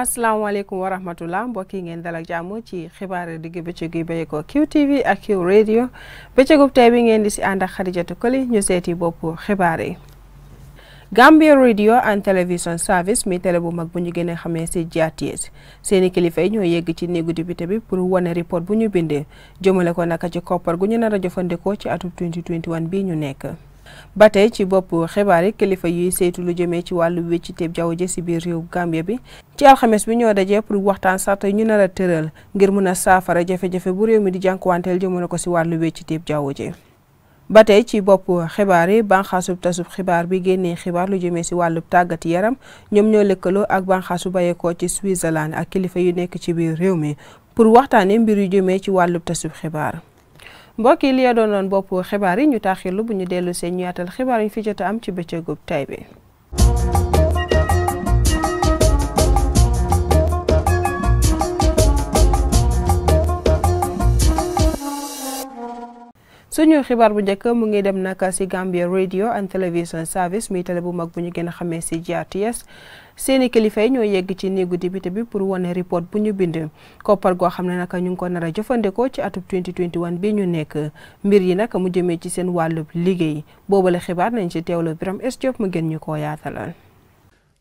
asalaamaaleykum wa rahmatullah mbokk yi ngeen dalak jàmm ci xibaar digg bëccëg bay bàyyeekoo QTV ak Q radio bëccëgub tey bi ngeen di si ànd ak Xadijatu Koli ñu seeti bopp xibaar yi. Gambia Radio and Television Service mi télé bu mag bu ñu gën xamee si GRTS seeni kilifa yi ñoo yegg ci néegu député bi pour wane report bu ñu bindee jëmale ko naka ci koppar gu ñu nar a jëfandikoo ci atum 2021 bii ñu nekk. ba tey ci bopp xibaar yi kilifa yiy saytu lu jëmee ci wàllu wécciteeb jaww ji si biir réew Gambia bi ci alxames bi ñoo dajee pour waxtaan sart ñu nar a tëral ngir mun a saafara jafe bu réew mi di jànkuwanteel jëmale ko si wàllu wécciteeb jaww ji ba tey ci bopp xibaar yi banxaasub tasub xibaar bi génnee xibaar lu jëmee si wàllub tàggat yaram ñoom ñoo lëkkaloo ak banxaasu bayeekoo ci Switzerland ak kilifa yu nekk ci biir réew mi pour waxtaanee mbir yu jëmee ci wàllu tasub xibaar mbokk yi li ya doon doon bopp xibaar yi ñu taaxirlu bu ñu dellu see ñu yaatal xibaar yi ñu fi jot am ci bëccëgub tay bi suñu xibaar bu njëkk mu ngi dem nag si Gambia radio and television service muy télé bu mag bu ñu gën a xamee si GRTS seeni kilifa yi ñoo yegg ci néegu di député bi pour wane report bu ñu bind koppal goo xam ne nag ñu ngi ko nar a jëfandikoo ci atub 2021 bi ñu nekk mbir yi nag mu jëmee ci seen wàllub liggéey boobale xibaar nañ ci teewlu Biram S Diop mu gën ñu koo yaatalal.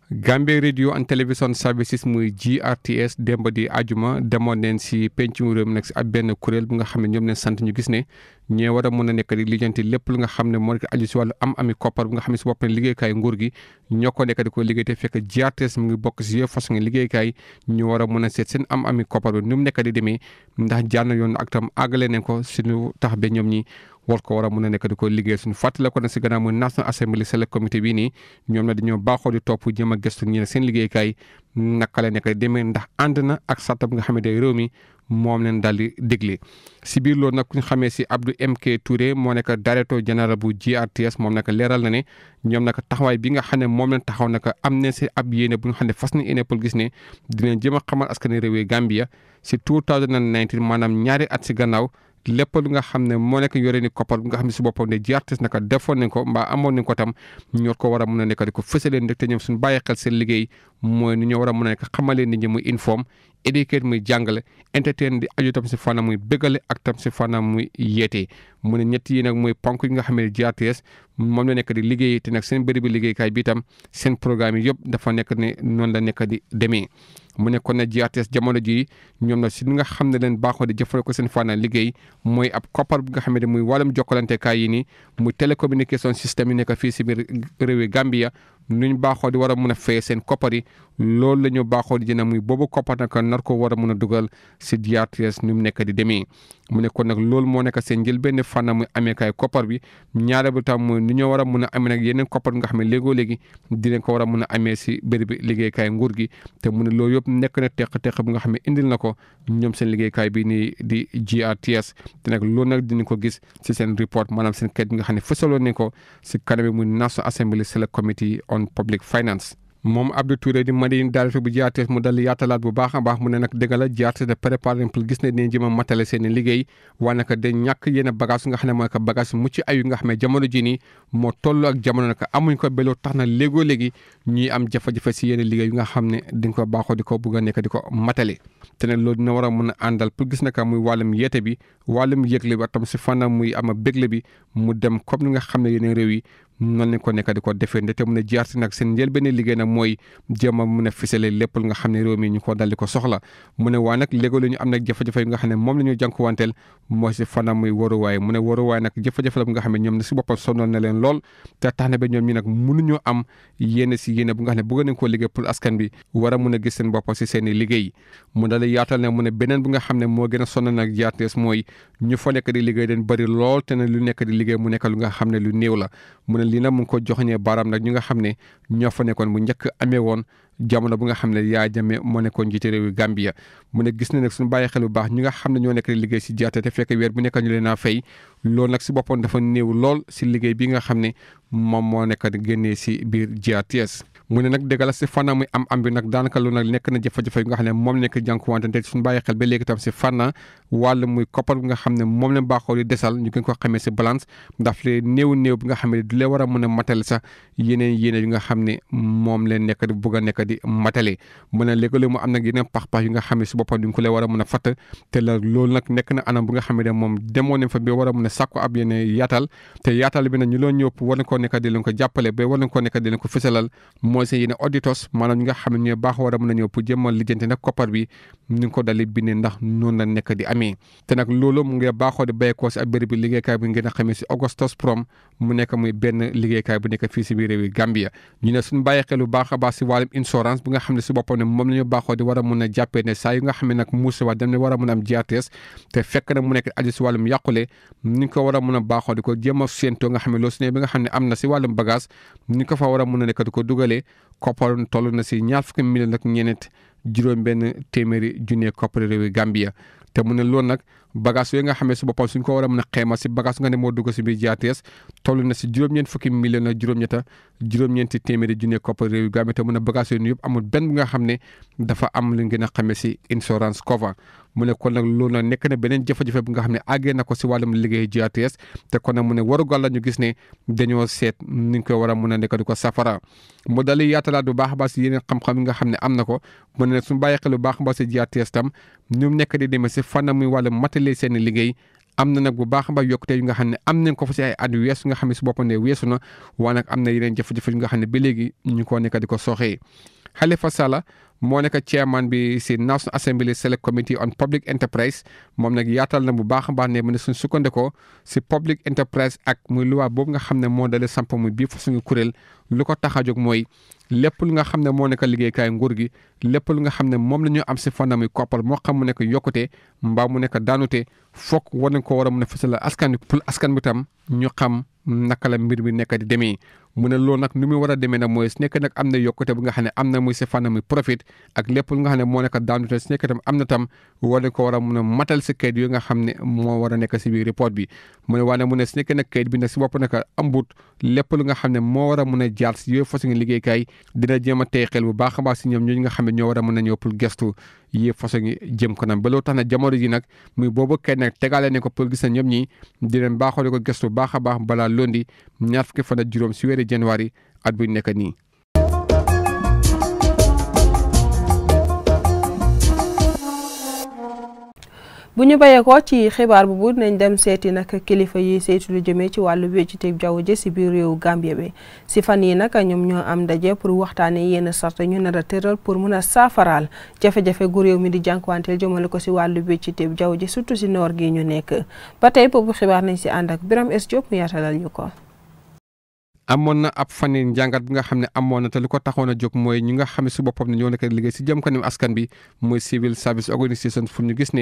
Gambia radio and television services muy GRTS démb di ajuma demoon neen si penc mu réew mi nag benn kuréel bu nga xam ne ñoom neen sant ñu gis ne. ñee war a mën a nekk di lijjanti lépp lu nga xam ne moo nekk aju si wàllu am ami koppar bu nga xam ne si bopp ne liggéeykaay nguur gi ñoo ko a mën a seet am ami koppar bi ni mu nekk di demee yoon ak tam àggale ko suñu tax ba ñoom ñi war ko war a mën a nekk liggéey suñu fàttali ko na si gannaaw ñoom na dañoo baaxoo di topp jëm a gëstu ñi ne seen liggéeykaay naka la nekk di demee ndax ànd na ak sàttab nga xam ne réew mi moom leen daal di digle si biir loolu nag ku ñu xamee si Abdou MK Touré moo nekk directeur général bu GRTS moom nag leeral na ne ñoom nag taxawaay bi nga xam ne moom leen taxaw nag am na si ab yéene bu ñu xam ne fas na yéene pour gis ne dinañ jëm a xamal askan wi réew Gambia si 2019 maanaam ñaari at si gannaaw. lépp nga xam ne moo nekk yore ni koppar bu nga xam ne si boppam ne ji artiste naka defoon nañ ko mbaa amoon nañ ko tam ñoo ko war a mën a nekk di ko fësaleen rek te ñoom suñu bàyyi xel seen liggéey mooy war a mën a nekk xamalee nit ñi muy informe éduquer muy jàngale entertain di aju tam si fànna muy bëggale ak tam si fànna muy yeete mu ne ñett yi nag muy ponk yi nga xam ne GRTS moom la nekk di liggéey te nag seen bëri bi liggéeykaay bi tam seen programme yi yëpp dafa nekk ne noonu la nekk di demee mu ne kon ne GRTS jamono jii ñoom na si li nga xam ne leen baaxoo di jëfandikoo seen fànn liggéey mooy ab koppar bi nga xam ne muy wàllum jokkalante kaay yi nii muy télécommunication système yi nekk fii si biir réewi Gambia lu ñu baaxoo di war a mun a fay seen koppar yi la ñu baaxoo di jënd muy boobu koppar nag nar ko war a mun a dugal si DRTS nu mu nekk di demee mu ne nag loolu moo nekk seen njël benn fànn muy ameekaay koppar bi ñaare bi tam ni ñoo war a mun a amee nag yeneen koppar nga xam ne léegoo léegi dinañ ko war a a amee si béréb liggéeykaay nguur gi te mu ne loolu yëpp nekk na teq-teq bi nga xam ne indil na ko ñoom seen liggéeykaay bi nii di GRTS te nag loolu nag dina ko gis si seen report maanaam seen kayit bi nga xam ne fësaloon nañ ko si kanam bi muy National Assembly Select Committee on public finance moom di Madina Daaratu bu mu dal yaatalaat bu baax a baax mu ne nag dëgg la jiyaate pour gis ne dinañ jëm a matale liggéey waaye nag de ñàkk yenn bagage nga xam ne mooy que bagage mucc ayu nga xam ne jamono ji nii moo toll ak jamono nag amuñ ko beloo tax na léegoo léegi ñuy am jafe-jafe si yenn liggéey yi nga xam ne dañ ko baaxoo di ko bëgg a nekk di ko matale te ne loolu dina war a mën a àndal pour gis yi noonu lañ ko nekka di ko defee te mu ne jaar si nag seen njëlbéen liggéey nag mooy jéem a mun a fisale lépp nga xam ne réew mi ñu ko dal di ko soxla mu ne waaye nag léegi lu ñu am nag jafe nga xam ne moom la ñu jànkuwanteel mooy si fanam muy waruwaay mu ne waruwaay nag jafe-jafe la bu nga xam ne ñoom ne si boppam sonnoon na leen lool te tax na ba ñoom ñi nag mënuñu am yéene si yéene bu nga xam ne bëgg nañ koo liggéey pour askan bi war a mun a gis seen bopp si seeni i liggéey mu dala yaatal ne mu ne beneen bi nga xam ne moo gën a sonal nag jaatees mooy ñu fa nekk di liggéey den bëri lool te ne lu nekk di liggéey mu nekk lu nga xam ne lu néew la mu ne lii mu ngi ko joxoñee baaraam nag ñu nga xam ne ñoo fa nekkoon bu njëkk amee woon jamono bu nga xam ne yaa jame moo nekkoon jiite réewi Gambia mu ne gis na nag suñu bàyyi xel bu baax ñi nga xam ne ñoo nekk di liggéey si jaate te fekk weer bu nekk ñu leen a fay loolu nag si boppam dafa néew lool si liggéey bi nga xam ne moom moo nekk di génnee si biir GRTS mu ne nag dëgg la si fànn muy am am bi nag daanaka lu nag nekk na jafe nga xam ne moom nekk jànkuwante te suñu bàyyi xel ba moom leen baaxoo di desal ñu gën ko xamee si balance daf lee néew néew bi a mën a matale sax yeneen yéene yi nga xam ne moom leen nekk bugg nekk di matale mu ne léegi mu am nag yeneen xam ne si boppam ko leen war a a fatt loolu nag nekk na anam bu nga xamee ne moom demoon nañ fa ba war a mën a sàkku ab yenn yaatal te yaatal bi nag ñu loon ñëpp war nañ koo nekk di leen ko jàppale ba war nañ koo nekk di leen ko fësalal mooy seen yéene auditos maanaam ñi nga xam ne ñooy baax war a mën a ñëw pour jëmmal lijjanti nag koppar bi ni nga ko dali bindee ndax noonu la nekk di amee te nag loolu mu ngi baaxoo di béykoo si ab béréb bi liggéeykaay bi ngeen a xamee si Augustus Prom mu nekk muy benn liggéeykaay bu nekk fii si biir réew yi Gambia ñu ne suñu bàyyi xel bu baax a baax si wàllum insurance bi nga xam ne si boppam ne moom la ñu baaxoo di war a mën a jàppee ne saa yu nga xam ne nag muusi wax dem ne war a mën a am GRTS te fekk na mu nekk aju si wàllum yàqule ni ko war a mën a baaxoo di ko jéem a séentoo nga xam ne loo si ne bi nga xam ne am na si wàllum bagage ni ko fa war a mën a nekk di ko dugalee koppar toll na si ñaar fukki million ak ñeent juróom benn téeméeri junne koppar réewi Gambia te mu ne loolu nag bagage yooyu nga xamee si a mën a xeema si bagage nga ne si biir na si juróom-ñeent fukki ak juróom-ñetta juróom a nga xam ne dafa am a xamee la ñu gis ne dañoo seet ni ñu a a di ko safara mu dali yaatalaat bu baax a baax si yeneen xam-xam nga xam ne am na ko mu ne suñu bàyyi xel bu baax a si GRTS tam ñoom nekk di demee si fànn muy wàllum matériel lay seen liggéey am na nag bu baax a baax yokkute yu nga xam ne am nañ ko fa si ay at yu nga xam ne si boppam ne weesu na waaye nag am na yeneen jafe-jafe yu nga xam ne ba léegi ñu ko nekk di ko sooxee Halifa Sallah moo nekk chairman bi si National Assembly Select Committee on Public Enterprise moom nag yaatal na bu baax a baax ne mu ne suñ sukkandikoo si public enterprise ak muy luwaa boobu nga xam ne moo dalee samp muy bii fa suñu kuréel lu ko tax a jóg mooy lépp lu nga xam ne moo nekk liggéeykaay nguur gi lépp lu nga xam ne moom la ñu am si fànn muy koppal moo xam mu nekk yokkute mbaa mu nekk daanute foog war nañ ko war a mën a la askan bi pour askan bi tam ñu xam naka la mbir mi nekk di demee mu ne loolu nag nu mu war a demee nag mooy su nekk nag am na yokkute bu nga xam ne am na muy si fànn muy profit ak lépp lu nga xam ne moo nekk daanu te su tam am na tam war ko war a mun a kayit yu nga xam ne moo war a nekk si biir report bi mu ne waane mu ne su nekk nag kayit bi nag si bopp nag ambut lépp lu nga xam ne moo war a mun a jaar si yooyu façon liggéeykaay dina jéem a tey xel bu baax a baax si ñoom ñi nga xam ne ñoo war a mun a ñëw pour gestu yi façon jëm kanam ba loolu tax na jamono ji nag muy boobu kayit nag tegaale ne ko pour gis na ñoom ñi dinañ baaxoo ko gestu baax a baax balaa londi ñaar fukki fan juróom ci weeri janvier at bu nekk nii. bu ñu bayee ko ci xibaar bu bu nañ dem seeti nag kilifa yi seeti lu jëmee ci wàllu wéccité jaww ji ci biir réewu Gambie bi si fan yi nag ñoom ñoo am ndaje pour waxtaanee yenn sart ñu nar tëral pour mun a saafaraal jafe-jafe gu réew mi di jànkuwanteel jëmale ko ci wàllu wéccité jaww ji surtout ci noor gi ñu nekk ba tey boobu xibaar nañ si ànd ak Biram S Diop mu ñu ko. amoon na ab fani njàngat bi nga xam ne amoon na te lu ko taxoon a jóg mooy ñi nga xam ne si boppam ne ñoo nekk liggéey si jëm kanam askan bi mooy civil service organisation fu ñu gis a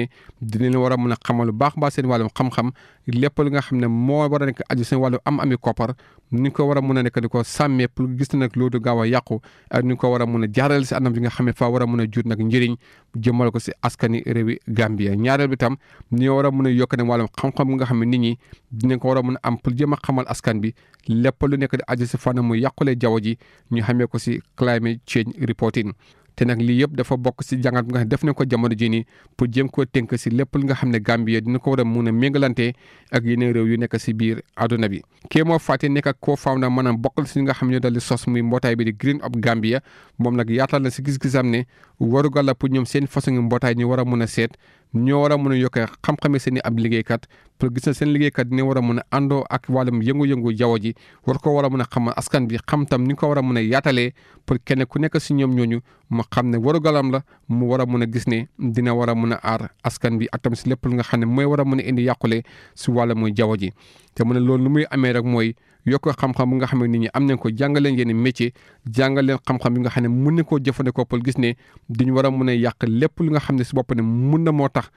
mën a xamal lu baax baax seen wàllum xam-xam lépp lu nga xam ne moo war a nekk aju seen wàllu am ami koppar ni ko war a mën a nekk sàmmee pour gis na nag loolu gaaw a yàqu ak ni ko war a a jaarale si anam bi nga xam ne faa war a mën a jur nag njëriñ jëmmal ko si askani réewi Gambia ñaareel bi tam ni war a mën a yokk ne wàllum xam-xam nga xam ne nit ñi dinañ ko war a mën a am pour jëm a xamal askan bi lépp nekk nekk di aju si fànn mu yàqule jaww ji ñu xamee ko si climate change reporting te nag lii yëpp dafa bokk si jàngat bi nga xam def nañ ko jamono jii nii pour jéem koo tënk si lépp li nga xam ne Gambie dina ko war a mun a méngalante ak yeneen réew yu nekk si biir àdduna bi. kee moo fàtte ko ak koo faaw na maanaam bokkal si ñi nga xam ne daal di sos muy mbootaay bi di Green Up Gambia moom nag yaatal na si gis-gisam ne warugal la pour ñoom seen façon mbootaay ñu war a mun a seet ñoo war a mën a yokkee xam-xamee seen i ab liggéeykat pour gis na seen liggéeykat dina war a mën a àndoo ak wàllum yëngu-yëngu jaww ji war ko war a mën a xamal askan bi xam tam ni ko war a mën a yaatalee pour kenn ku nekk si ñoom ñooñu mu xam ne warugalam la mu war a mun a gis ne dina war a mën a aar askan bi ak si lépp lu nga xam ne mooy war a mën a indi yàqule si wàlla mooy jaww ji te mu ne loolu lu muy amee rek mooy yokk xam-xam bi nga xam ne nit ñi am nañ ko jàngaleen yéen métier jàngaleen xam-xam bi nga xam ne mun nañ koo jëfandikoo pour gis ne duñ war a mën a yàq lépp li nga xam ne si bopp ne mun na moo tax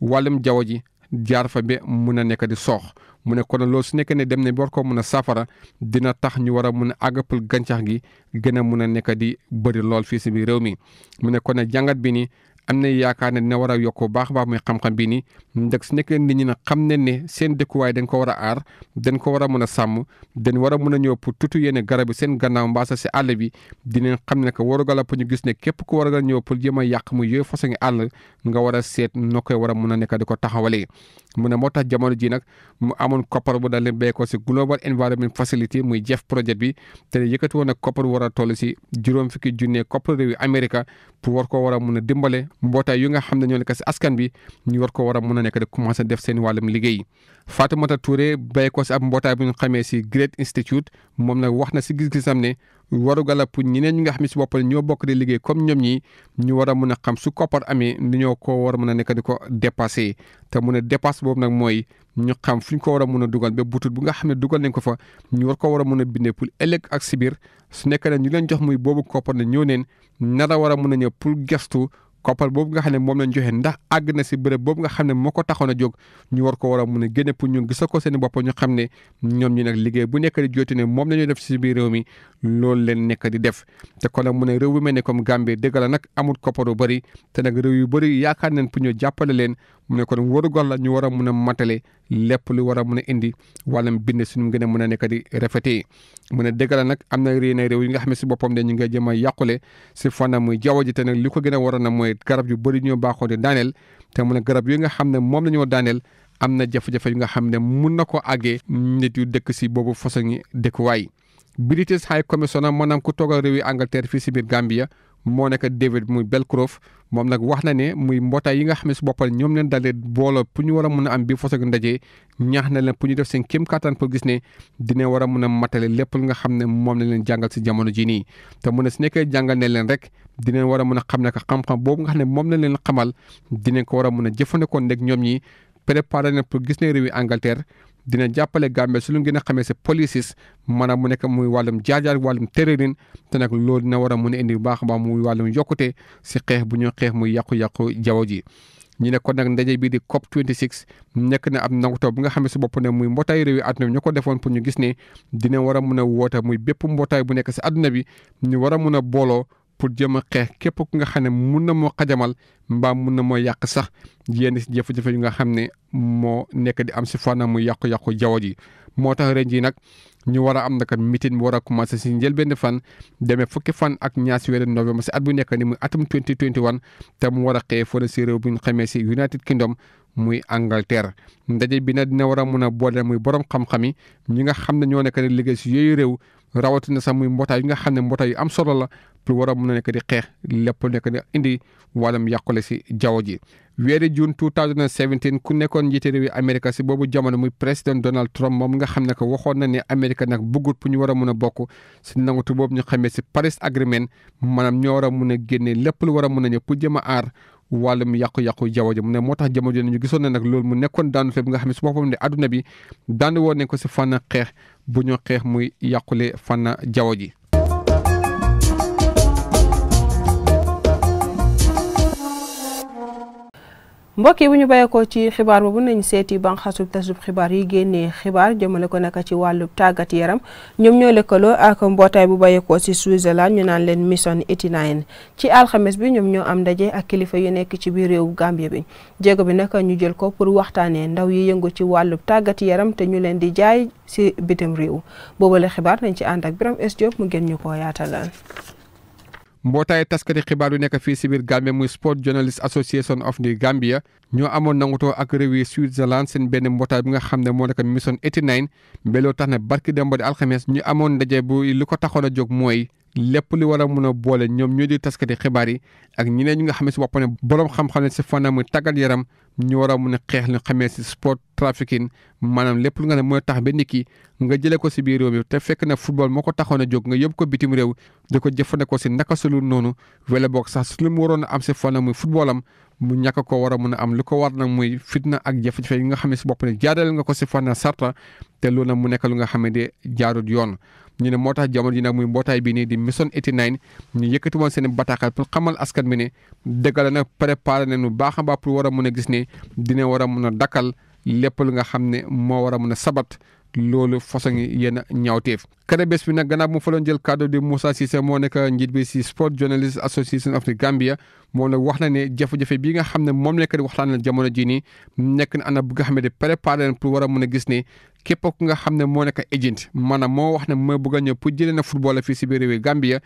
wàllum jaww ji jaar fa ba mun a nekk di soox mu ne kon lool su nekkee ne dem ne war ko mun a saafara dina tax ñu war a mun a àggapal gàncax gi gën a mun a nekk di bëri lool fii si biir réew mi mu ne kon jàngat bi nii am na yaakaar ne dina war a yokk baax baax muy xam-xam bii nii ndax su nekk leen nit ñi nag xam ne ne seen dëkkuwaay dañ ko war a aar dañ ko war a mën a sàmm dañ war a mën a ñëw pour tutu yenn garab seen gannaaw mbaasa si àll bi dinañ xam ne que warugal la pour ñu gis ne képp ku warugal ñëw pour jéem a yàq mu yooyu façon àll nga war a seet noo koy war a mën a nekk di ko taxawalee mu ne moo tax jamono ji nag mu amoon koppar bu daal di béy ko si Global Environment Facility muy jeef projet bi te yëkkati woon nag koppar war a toll si juróom fukki junne koppar réew yi Amérique pour war ko war a mun a dimbale mbootaay yu nga xam ne ñoo nekk si askan bi ñu war ko war a mun a nekk di commencé def seeni wàllum liggéey Fatoumata Touré bay ko si ab mbootaay bu ñu xamee si Great Institute moom nag wax na si gis-gisam ne warugal la pour ñeneen ñi nga xam ne si boppam ñoo bokk di liggéey comme ñoom ñi ñu war a mën a xam su koppar amee ni ñoo war mën a nekk ko dépassé te mu ne dépasse boobu nag mooy ñu xam fu ñu ko war a mun a dugal ba butut bu nga xam ne dugal nañ ko fa ñu war ko war a mën a bindee pour ëllëg ak sibir su nekk ne ñu leen jox muy boobu koppar ne ñoo neen nar a war a mun a ñëw pour gestu koppar boobu nga xam ne moom lañ joxe ndax àgg na si bërëb boobu nga xam ne moo ko taxoon a jóg ñu war ko war a mun a génne pour ñu gisa ko seen bopp ñu xam ne ñoom ñu nag liggéey bu nekk di jooti ne moom la ñuy def si biir réew mi loolu leen nekk di def te kon nag mu ne réew bu mel ne comme Gambie dëgg la nag amul koppar bu bari te nag réew yu bari yaakaar nañ pour ñu jàppale leen mu ne kon wóoru gox la ñu war a mun a matale lépp lu war a mun a indi mu bind suñu gën a mën a nekk di rafetee mu ne dëgg la nag am na réew réew yi nga xam ne si boppam de ñu nga jëm a yàqule si fànn muy jaww ji te nag li ko gën a waroon a mooy garab yu bëri ñoo baaxoo di daaneel te mu ne garab yi nga xam ne moom la ñoo daaneel am na jafe-jafe yu nga xam ne mun na ko àggee nit yu dëkk si boobu façon dëkkuwaay British High Commissioner maanaam ku toogal réew yi Angleterre fii si biir Gambia moo nekk David muy Belcroft moom nag wax na ne muy mbootaay yi nga xam ne si boppal ñoom leen dalee booloo pour ñu war a mun a am bii façon ndaje ñaax na leen pour ñu def seen kéem kattan pour gis ne dina war a mun a matale lépp lu nga xam ne moom la leen jàngal si jamono ji nii te mu ne su nekkee jàngal ne leen rek dinañ war a mun a xam ne que xam-xam boobu nga xam ne moom la leen xamal dinañ ko war a mun a jëfandikoon nekk ñoom ñi préparé na pour gis ne réewi Angleterre dina jàppale Gambia su lu gën a xamee si polices maanaam mu nekk muy wàllum jaajaar wàllum terrorisme te nag loolu dina war a mun a indi bu baax a baax muy wàllum yokkute si xeex bu ñu xeex muy yàqu-yàqu jaww ji. ñu ne nag ndaje bii di COP 26 nekk na ab nangutoo bu nga xamee si bopp ne muy mbootaay réew yi àdduna bi ñu ko defoon pour ñu gis ne dina war a mun a woote muy bépp mbootaay bu nekk si àdduna bi ñu war a mun a booloo pour jéem a xeex képp ku nga xam ne mun na moo xajamal mbaa mun na moo yàq sax yenn si jafe-jafe yu nga xam ne moo nekk di am si fànn mu yàqu-yàqu jaww ji moo tax ren jii nag ñu war a am nag meeting mu war a commencé si njëlbéen fan demee fukki fan ak ñaar si weeru novembre si at bu nekk ni mu muy atum 2021 te mu war a xëyee fële si réew bu ñu xamee si United Kingdom muy Angleterre ndaje bi nag dina war a mun a boole muy borom xam-xam yi ñi nga xam ne ñoo nekk di liggéey si yooyu réew rawatina sax muy mbootaay yi nga xam ne mbootaay yu am solo la pour war a mun a nekk di xeex lépp nekk di indi wàllum yàqule si jaww ji. weeri juin 2017 ku nekkoon njiite réewi Amérique si boobu jamono muy président Donald Trump moom nga xam ne que waxoon na ne Amérique nag bëggut pour ñu war a mun a bokk si nangutu boobu ñu xamee si Paris Agreement maanaam ñoo war a mun a génne lépp lu war a mun a ñëw pour jëm a aar. mu yàqu-yàqu jaww ji mu ne moo tax jamono ji ñu gisoon na nag loolu mu nekkoon daanu fee bi nga xam ne su boppam ne adduna bi daanu woon nañ ko si fànn xeex bu ñu xeex muy yàqulee fànn jaww ji mbokk yi bu ñu bàyyeekoo ci xibaar boobu nañ seeti banxasub tasub xibaar yi génnee xibaar jëmale ko naka ci wàllu tàggat yaram ñoom ñoo lëkkaloo ak mbootaay bu bàyyeekoo si Switzerland ñu naan leen Mission 89 ci alxames bi ñoom ñoo am ndaje ak kilifa yu nekk ci biir réewu Gambie bi jéego bi naka ñu jël ko pour waxtaanee ndaw yi yëngu ci wàllu tàggat yaram te ñu leen di jaay si bitim réew boobale xibaar nañ ci ànd ak Biram S Diop mu gën ñu ko yaatalal mbootaayu taskati xibaar yu nekk fii si biir Gambia muy Sport Journalist Association of the Gambia ñoo amoon nangutoo ak réew yi Switzerland seen benn mbootaay bi nga xam ne moo nekk mission 89 mbeloo tax ne barki dembo di alxames ñu amoon ndaje bu lu ko taxoon a jóg mooy lépp li war a mun a boole ñoom ñoo di taskati xibaar yi ak ñeneen ñi nga xam ne si bopp ne borom xam-xam ne si fànn muy tàggat yaram ñu war a mun a xeex lu xamee si sport trafficking maanaam lépp lu nga ne mooy tax ba nit ki nga jëlee ko si biir réew mi te fekk na football moo ko taxoon a jóg nga yóbbu ko bitim réew di ko jëfandikoo si naka sulu noonu wala boog sax su mu waroon a am si fànn muy football am mu ñàkk ko war a mun a am lu ko war nag muy fitna ak jafe yi nga xam ne si bopp ne jaarale nga ko si fànn sarta te loolu na mu nekk lu nga xam ne de jaarut yoon ñu ne moo tax jamono ji nag muy mbootaay bii nii di mission 89 ñu yëkkati woon seen bataaxal pour xamal askan bi ne dëggal nag préparé nañu baax a baax pour war a mën a gis ne dina war a mën a dakkal lépp lu nga xam ne moo war a mën a sabat loolu façon yenn ñaawteef kare bes bi nag gannaaw bu mu faloon jël kàddu di Moussa Cissé moo nekk njiit bi si Sport Journalist Association of the Gambia moom nag wax na ne jafe-jafe bi nga xam ne moom nekk di waxtaan jamono jii nii nekk na ana bu nga xam ne di préparé leen pour war a mën a gis ne képp ku nga xam ne moo nekk agent maanaam moo wax ne moo bëgg a ñëw pour jëlee na football fii si biir réewi Gambia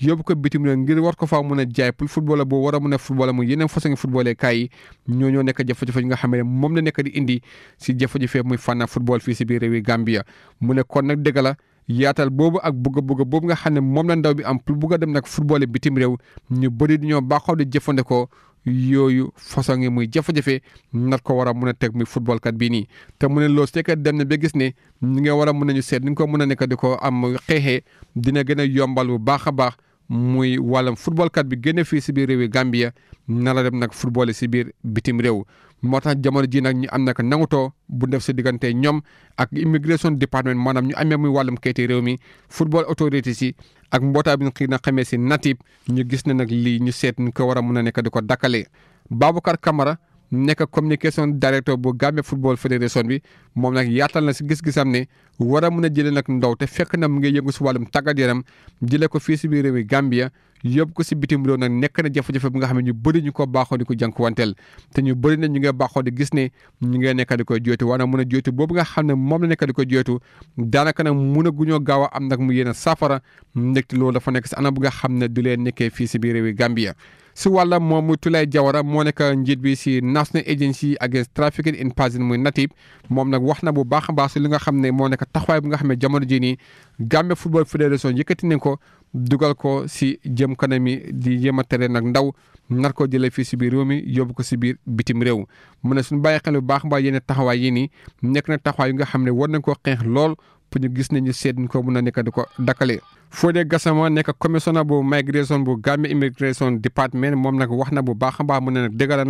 yóbbu ko bitim réew ngir war ko faa mën a jaay pour footballeur boobu war a mën a footballeur muy yeneen façon footballeur kaay yi ñoo nekk jafe-jafe nga xam ne moom la nekk di indi si jafe-jafe muy fànn football fii si biir réew yi Gambia mu ne kon nag dëgg la yaatal boobu ak bëgg bëgg boobu nga xam ne moom la ndaw bi am pour bëgg a dem nag footballeur bitim réew ñu bëri di ñoo baaxoo di jëfandikoo yooyu façon ngi muy jafe-jafe nar ko war a mun a teg muy football kat bii nii te mu ne loolu su dem na ba gis ne ñi nga war a mun nañu seet ni nga ko mën a nekk di ko am xeexee dina gën a yombal bu baax a baax muy wàllam football bi gën fii si biir réewi Gambia nar a dem nag football si biir bitim réew. moo tax jamono ji nag ñu am naka nangutoo bu def si diggante ñoom ak immigration département maanaam ñu amee muy wàllum kayiti réew mi football autorité si ak mbootaay bi ñu xëy na xamee si natib ñu gis ne nag lii ñu seet nu ko war a mën a nekk di ko dakkalee Babacar Camara nekk communication director bu Gambia Football Federation bi moom nag yaatal na si gis-gisam ne war a mun a jëlee nag ndaw te fekk na mu ngi yëngu si wàllum tàggat yaram jëlee ko fii si biir réew mi Gambia yóbbu si bitim réew nag nekk na jafe-jafe nga xam ne ñu bëri ñu ko baaxoo di ko jànkuwanteel te ñu bëri na ñu ngi baaxoo di gis ne ñu ngee nekk di koy jooytu war na mën a jooytu boobu nga xam ne moom la nekk di ko jooytu daanaka nag munaguñoo a gaaw a am nag mu yéen a saafara ndekte loolu dafa nekk si ana bu nga xam ne du leen nekkee fii si biir réew mi Gambia si wàllam moomu Tulay Jawara moo nekk njiit bi si National Agency Against Trafficking in Persons muy NATIP moom nag wax na bu baax a baax si li nga xam ne moo nekk taxawaay bi nga xam ne jamono jii nii Gambia Football Federation yëkkati nañ ko dugal ko si jëm kanam yi di jéem a tere nag ndaw nar koo jëlee fii si biir réew mi yóbbu ko si biir bitim réew mu ne suñu bàyyi xel bu baax a baax yenn taxawaay yi nii nekk na taxawaay yi nga xam ne war nañ koo xeex lool pour ñu gis ne ñu seet ko mun a nekka di ko dakale Fodé Gassama nekk commissioner bu migration bu Gambia immigration department moom nag wax na bu baax a baax mu ne nag dëgg la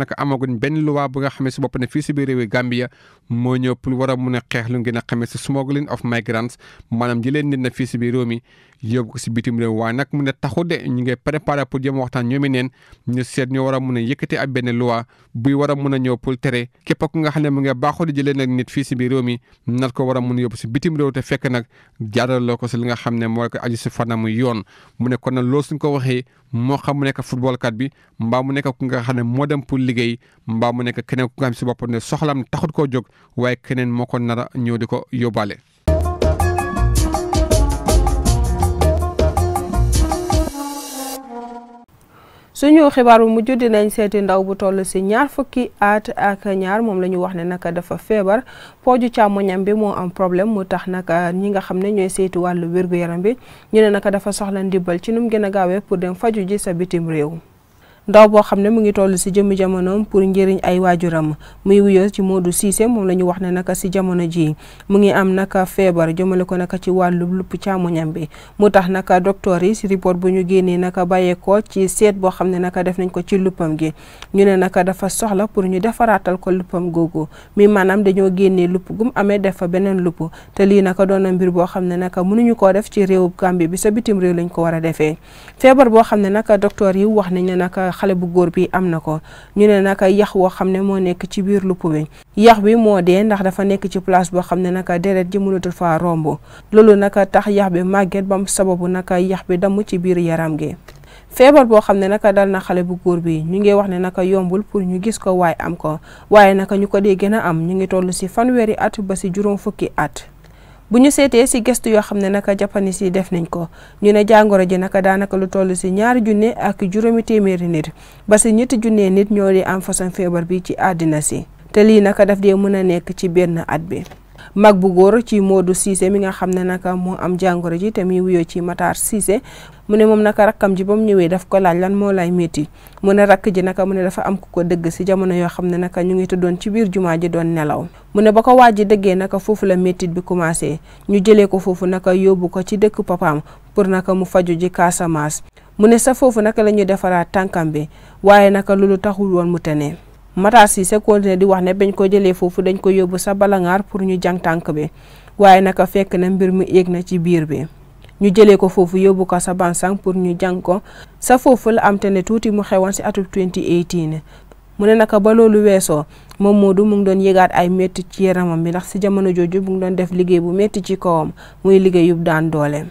benn luwaa bu nga xam ne si bopp ne fii si biir réewi Gambia moo ñëw pour war a mun na fii si biir réew mi yóbbu ko si bitim réew waaye nag mu ne taxu de ñu ngi préparé pour jëm waxtaan ñoomi neen ñu seet ñu war mun a yëkkati ab benn luwaa buy war a mun a ñëw pour tere képp xam ne mu ngi baaxoo di jëlee nit fii si biir réew mi nat ko a nga xam ne moo ko aju si fana fanamu yoon mu ne kon nag loolu suñ ko waxee moo xam mu nekk footballkat bi mbaa mu nekk ku nga xam ne moo dem pour liggéey mbaa mu nekk keneen ku nga xam si boppam ne soxlaam taxut koo jóg waaye keneen moo ko nara a ñëw di ko yóbbaale. su suñu xibaaru mujj dinañ seeti ndaw bu toll si ñaar fukki at ak ñaar moom la ñu wax ne naka dafa feebar pooju càmmoñam bi moo am problème mu tax naka ah, ñi nga xam ne ñooy seeti wàllu wérgu yaram bi ñu ne naka dafa soxla ndimbal ci nu mu gën a gaawee pour dem faju ji sa bitim réew ndaw boo xam ne mu ngi toll si jëmmi jamonoom pour njëriñ ay waajuram muy wuyoo ci Modou Cissé moom la ñu wax ne naka si jamono ji mu ngi am naka feebar jëmale ko naka ci wàllu lupp càmmoñam bi mu tax naka docteur yi si report bu ñu génnee naka bàyyeekoo ci seet boo xam ne naka def nañ ko ci luppam gi ñu ne naka dafa soxla pour ñu defaraatal ko luppam googu mi maanaam dañoo génnee lupp gum amee def fa beneen lupp te lii naka doon na mbir boo xam ne naka mënuñu koo def ci réewu Gambie bi sa bitim réew lañ ko war a defee feebar boo xam ne naka docteur wax nañ ne naka xale bu góor bi am na ko ñu ne naka yax woo xam ne moo nekk ci biir lupp weñ yax bi moo dee ndax dafa nekk ci place boo xam ne naka deret ji mënatul fa romb loolu naka tax yax bi màgget bam sababu naka yax bi damu ci biir yaram gi feebar boo xam ne naka dal na xale bu góor bi ñu ngi wax ne naka yombul pour ñu gis ko waaye am ko waaye naka ñu ko dee gën a am ñu ngi toll si fanweeri at ba si juróom fukki at bu ñu seetee si gëstu yoo xam ne naka japanis yi def nañ ko ñu ne jàngoro ji naka daanaka lu toll si ñaari junne ak juróomi téeméeri nit ba si ñetti junne nit ñoo di am façon feebar bi ci àddina si te lii naka daf dee mën a nekk ci benn at bi mag bu góor ci Modou Cissé mi nga xam ne nag moo am jàngoro ji te muy wuyoo ci Matar Cissé mu ne moom naka rakkam ji ba mu ñëwee daf ko laaj lan moo lay métti mu ne rakk ji naka mu ne dafa am ku ko dëgg si jamono yoo xam ne naka ñu ngi tëddoon ci biir jumaa ji doon nelaw mu ne ba ko waaj ji dëggee naka foofu la méttit bi commencé ñu jëlee ko foofu naka yóbbu ko ci dëkk papaam pour naka mu faju ji Casamance mu ne sa foofu naka la ñu defaraat tànkam bi waaye naka loolu taxul woon mu tenee Matar Cissé continué di wax ne bañ koo jëlee foofu dañ ko yóbbu sa balangaar pour ñu jàng tànk bi waaye naka fekk na mbir mi yéeg na ci biir bi ñu jëlee ko foofu yóbbu ko sa bansang pour ñu jàng ko sa foofu la am te ne tuuti mu xewoon si atum 2018 mu ne naka ba loolu weesoo moom Modou mu ngi doon yëgaat ay métti ci yaramam bi ndax si jamono jooju mu ngi doon def liggéey bu métti ci kawam muy liggéeyub daan dooleem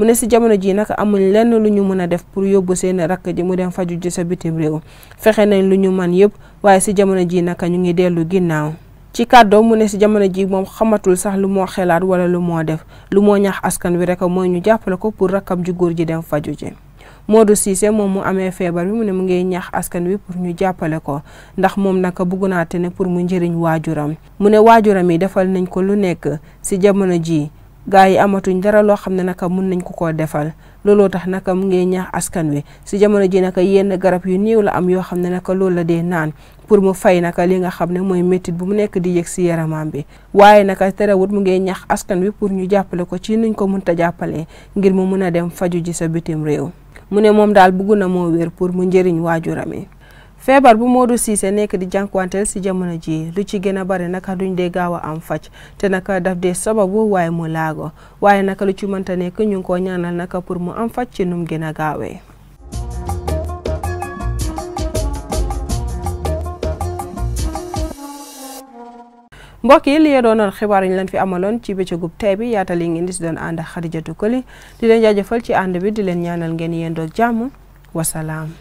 mu ne si jamono ji nag amuñ lenn lu ñu mën a def pour yóbbu seen rakk ji mu dem faju ji sa bitim réew fexe nañ lu ñu man yëpp waaye si jamono ji nag ñu ngi dellu ginnaaw ci kàddoo mu ne si jamono ji moom xamatul sax lu moo xelaat wala lu moo def lu moo ñaax askan wi rek mooy ñu jàppale ko pour rakkam ju góor ji dem faju ji Modou Cissé moom mu amee feebar bi mu ne mu ngi ñax askan wi pour ñu jàppale ko ndax moom naka bugg naa te ne pour mu njëriñ waajuram mu ne waajuram yi defal nañ ko lu nekk si jamono ji gaa yi amatuñ dara loo xam ne naka mun nañ ko koo defal looloo tax naka mu ngi ñaax askan wi si jamono ji naka yenn garab yu néew la am yoo xam ne naka loolu la dee naan pour mu fay naka li nga xam ne mooy métit bu mu nekk di yëg si yaramam bi waaye naka wut mu ngee ñax askan wi pour ñu jàppale ko ci nuñ ko munta jàppale ngir mu mun a dem faju ji sa bitim réew mu ne moom daal bugg na moo wér pour mu njëriñ waajuram feebar bu Modou Cissé nekk di jànkuwanteel si jamono ji lu ci gën a bare naka duñ dee gaaw a am faj te naka daf dee sababu waaye mu laago waaye naka lu ci mënta nekk ñu ngi ko ñaanal naka pour mu am faj ci num gën a gaawee. mbokk yi li doonoon xibaar ñu leen fi amaloon ci bëccëgub tey bi yaatal yi ngeen di si doon ànd ak Xadijatu Koli di jaajëfal ci ànd bi di leen ñaanal ngeen yendoo jàmm wasalaam.